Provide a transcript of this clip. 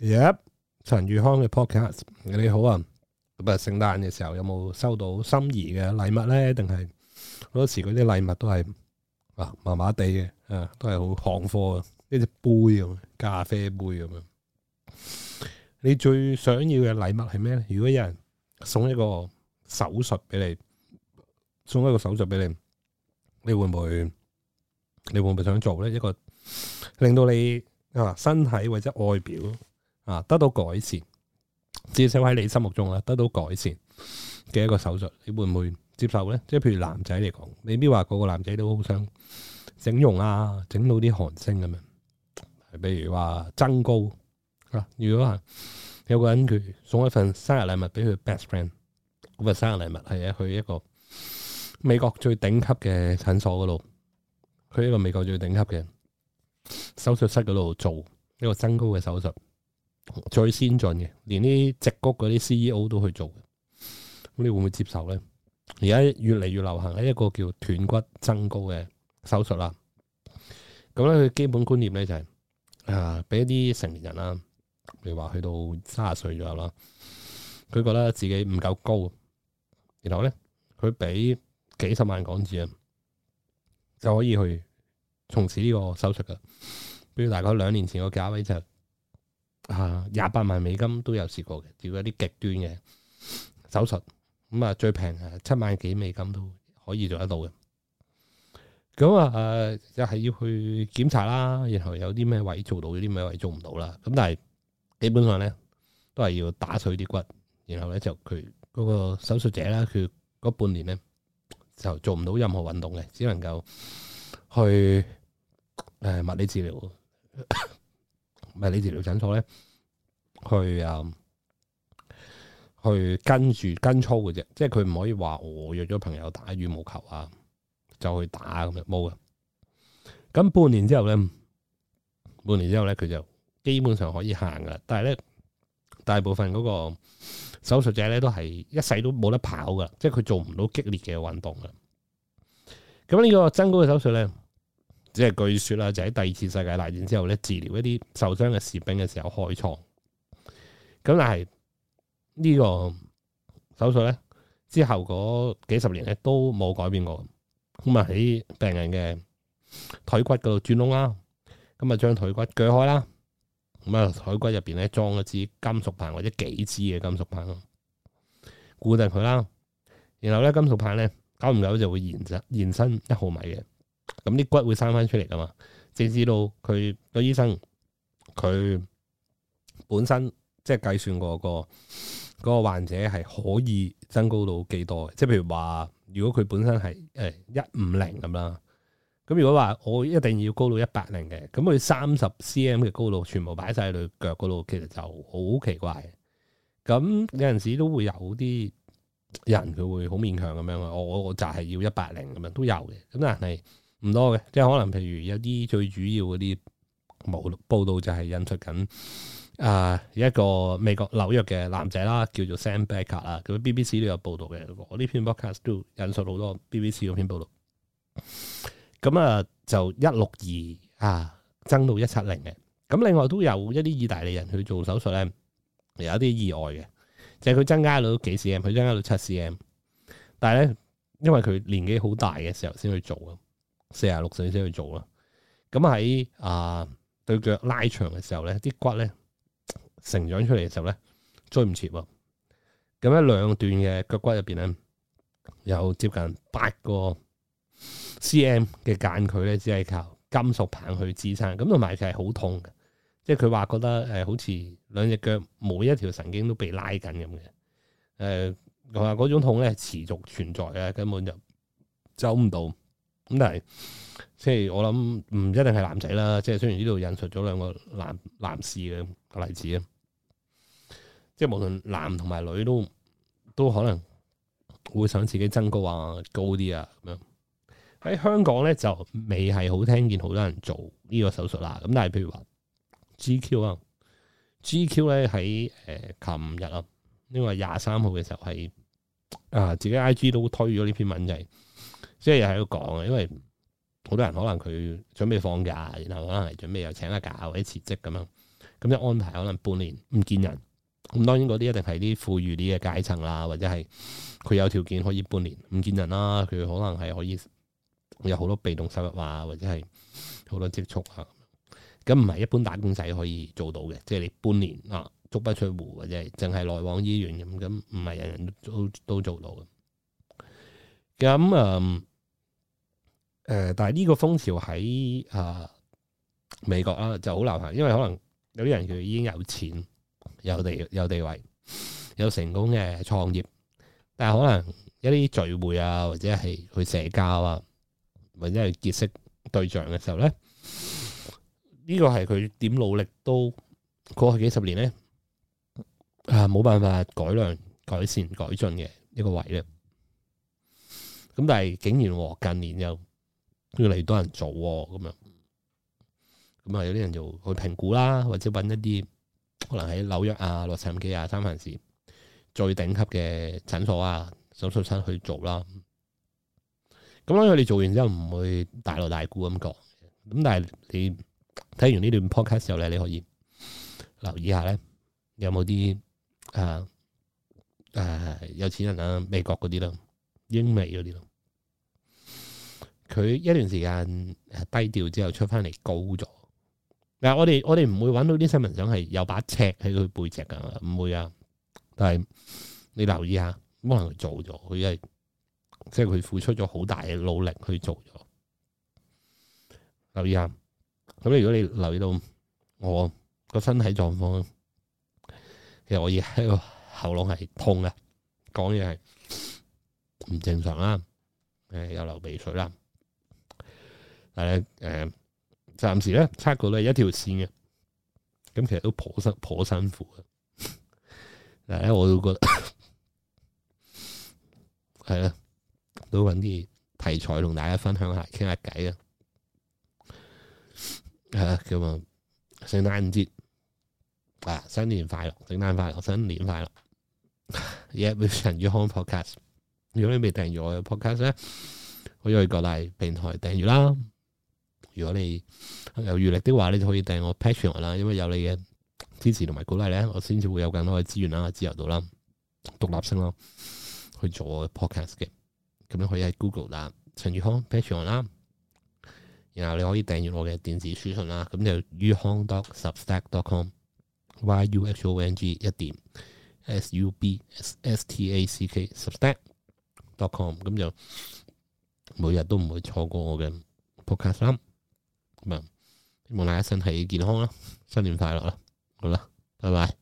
Yep，陳宇康嘅 podcast，你好啊。今日聖誕嘅時候有冇收到心儀嘅禮物咧？定係好多時嗰啲禮物都係啊，麻麻地嘅啊，都係好行貨啊，一隻杯咁，咖啡杯咁樣。你最想要嘅禮物係咩咧？如果有人送一個手術俾你，送一個手術俾你，你會唔會？你會唔會想做咧？一個令到你啊，身體或者外表。啊，得到改善，至少喺你心目中啊，得到改善嘅一個手術，你會唔會接受咧？即係譬如男仔嚟講，未必話個個男仔都好想整容啊，整到啲韓星咁樣。譬如話增高啊，如果啊有個人佢送一份生日禮物俾佢 best friend，嗰份生日禮物係啊去一個美國最頂級嘅診所嗰度，去一個美國最頂級嘅手術室嗰度做一個增高嘅手術。最先進嘅，連啲矽谷嗰啲 CEO 都去做嘅，咁你會唔會接受咧？而家越嚟越流行喺一個叫斷骨增高嘅手術啦。咁咧佢基本觀念咧就係、是，啊，俾一啲成年人啦，譬如話去到卅歲左右啦，佢覺得自己唔夠高，然後咧佢俾幾十萬港紙啊，就可以去從事呢個手術嘅。比如大概兩年前個價位就是。啊，廿八萬美金都有試過嘅，做一啲極端嘅手術。咁啊，最平啊，七萬幾美金都可以做得到嘅。咁、嗯、啊，誒，就係要去檢查啦，然後有啲咩位做到，有啲咩位做唔到啦。咁但係基本上咧，都係要打碎啲骨，然後咧就佢嗰個手術者啦，佢嗰半年咧就做唔到任何運動嘅，只能夠去誒、哎、物理治療。 唔係你治療診所咧，去啊去跟住跟操嘅啫，即係佢唔可以話我約咗朋友打羽毛球啊，就去打咁樣冇嘅。咁半年之後咧，半年之後咧，佢就基本上可以行㗎。但係咧，大部分嗰個手術者咧都係一世都冇得跑㗎，即係佢做唔到激烈嘅運動㗎。咁呢個增高嘅手術咧。即係據說啦，就喺第二次世界大戰之後咧，治療一啲受傷嘅士兵嘅時候開創。咁但係呢個手術咧，之後嗰幾十年咧都冇改變過。咁啊喺病人嘅腿骨嗰度鑽窿啦，咁啊將腿骨鋸開啦，咁啊腿骨入邊咧裝一支金屬棒或者幾支嘅金屬棒，固定佢啦。然後咧金屬棒咧，久唔久就會延伸延伸一毫米嘅。咁啲骨會生翻出嚟噶嘛？只知道佢個醫生佢本身即係計算過個嗰、嗰個患者係可以增高到幾多？即係譬如話，如果佢本身係誒一五零咁啦，咁、哎、如果話我一定要高到一八零嘅，咁佢三十 C M 嘅高度全部擺晒喺佢腳嗰度，其實就好奇怪。咁有陣時都會有啲人佢會好勉強咁樣啊！我我就係要一八零咁樣都有嘅，咁但係。唔多嘅，即係可能。譬如有啲最主要嗰啲，冇報道就係引述緊啊、呃、一個美國紐約嘅男仔啦，叫做 Sam Becker 啦。咁 B B C 都有報道嘅。我呢篇 broadcast 都引述好多 B B C 嗰篇報道。咁啊，就一六二啊，增到一七零嘅。咁另外都有一啲意大利人去做手術咧，有一啲意外嘅，就係、是、佢增，增加到幾 cm，佢增加到七 cm，但係咧因為佢年紀好大嘅時候先去做啊。四啊六歲先去做啦，咁喺啊對腳拉長嘅時候咧，啲骨咧成長出嚟嘅時候咧，追唔切，咁喺兩段嘅腳骨入邊咧，有接近八個 cm 嘅間距咧，只係靠金屬棒去支撐，咁同埋佢係好痛嘅，即係佢話覺得誒好似兩隻腳每一條神經都被拉緊咁嘅，誒同埋嗰種痛咧持續存在嘅，根本就走唔到。咁但係，即係我諗唔一定係男仔啦，即係雖然呢度引述咗兩個男男士嘅個例子啊，即係無論男同埋女都都可能會想自己增高啊，高啲啊咁樣。喺香港咧就未係好聽見好多人做呢個手術啦。咁但係譬如話 GQ 啊，GQ 咧喺誒琴日啊，呢個廿三號嘅時候係啊自己 IG 都推咗呢篇文就係。即係喺度講啊，因為好多人可能佢準備放假，然後可能係準備又請下假或者辭職咁樣，咁、嗯、就安排可能半年唔見人。咁、嗯、當然嗰啲一定係啲富裕啲嘅階層啦，或者係佢有條件可以半年唔見人啦。佢可能係可以有好多被動收入啊，或者係好多積蓄啊。咁唔係一般打工仔可以做到嘅，即係你半年啊，足不出戶或者淨係來往醫院咁，咁唔係人人都都做到嘅。咁誒，誒、嗯呃，但係呢個風潮喺啊、呃、美國啊就好流行，因為可能有啲人佢已經有錢、有地、有地位、有成功嘅創業，但係可能一啲聚會啊，或者係去社交啊，或者係結識對象嘅時候咧，呢、這個係佢點努力都過去幾十年咧啊，冇、呃、辦法改良、改善、改進嘅一個位咧。咁但係竟然近年又越嚟越多人做咁樣，咁有啲人就去評估啦，或者揾一啲可能喺紐約啊、洛杉磯啊、三藩市最頂級嘅診所啊、手術室去做啦。咁因為佢哋做完之後唔會大鑼大鼓咁講，咁但係你睇完這段呢段 podcast 時候咧，你可以留意一下咧有冇啲有、啊啊、有錢人啊，美國嗰啲啦。英美嗰啲咯，佢一段時間誒低調之後出翻嚟高咗。嗱，我哋我哋唔會揾到啲新聞上係有把尺喺佢背脊噶，唔會啊。但係你留意下，可能佢做咗，佢因為即係佢付出咗好大嘅努力去做咗。留意下，咁你如果你留意到我個身體狀況，其實我而家個喉嚨係痛嘅，講嘢係。唔正常啦，誒又流鼻水啦，但係誒暫時咧，測過都係一條線嘅，咁其實都頗辛頗辛苦嘅。但係咧，我都覺得係啊， 都揾啲題材同大家分享下，傾下偈啊。誒咁啊，聖誕節啊，新年快樂，聖誕快樂，新年快樂。 yeah, wish you a happy Christmas. 如果你未訂閱我嘅 podcast 咧，可以去各大平台訂閱啦。如果你有餘力的話，你就可以訂我 Patreon 啦。因為有你嘅支持同埋鼓勵咧，我先至會有更多嘅資源啦、自由度啦、獨立性咯，去做我嘅 podcast 嘅。咁你可以喺 Google 啦，陳宇康 Patreon 啦。然後你可以訂閱我嘅電子書信啦。咁就 y u k a g n d o t s u b s t a c k d o t c o m y u s o n g 一點 s u b s s t s t a c k dot com，咁就每日都唔會錯過我嘅 podcast 三，咁啊，希望大家身體健康啦，新年快樂啦，好啦，拜拜。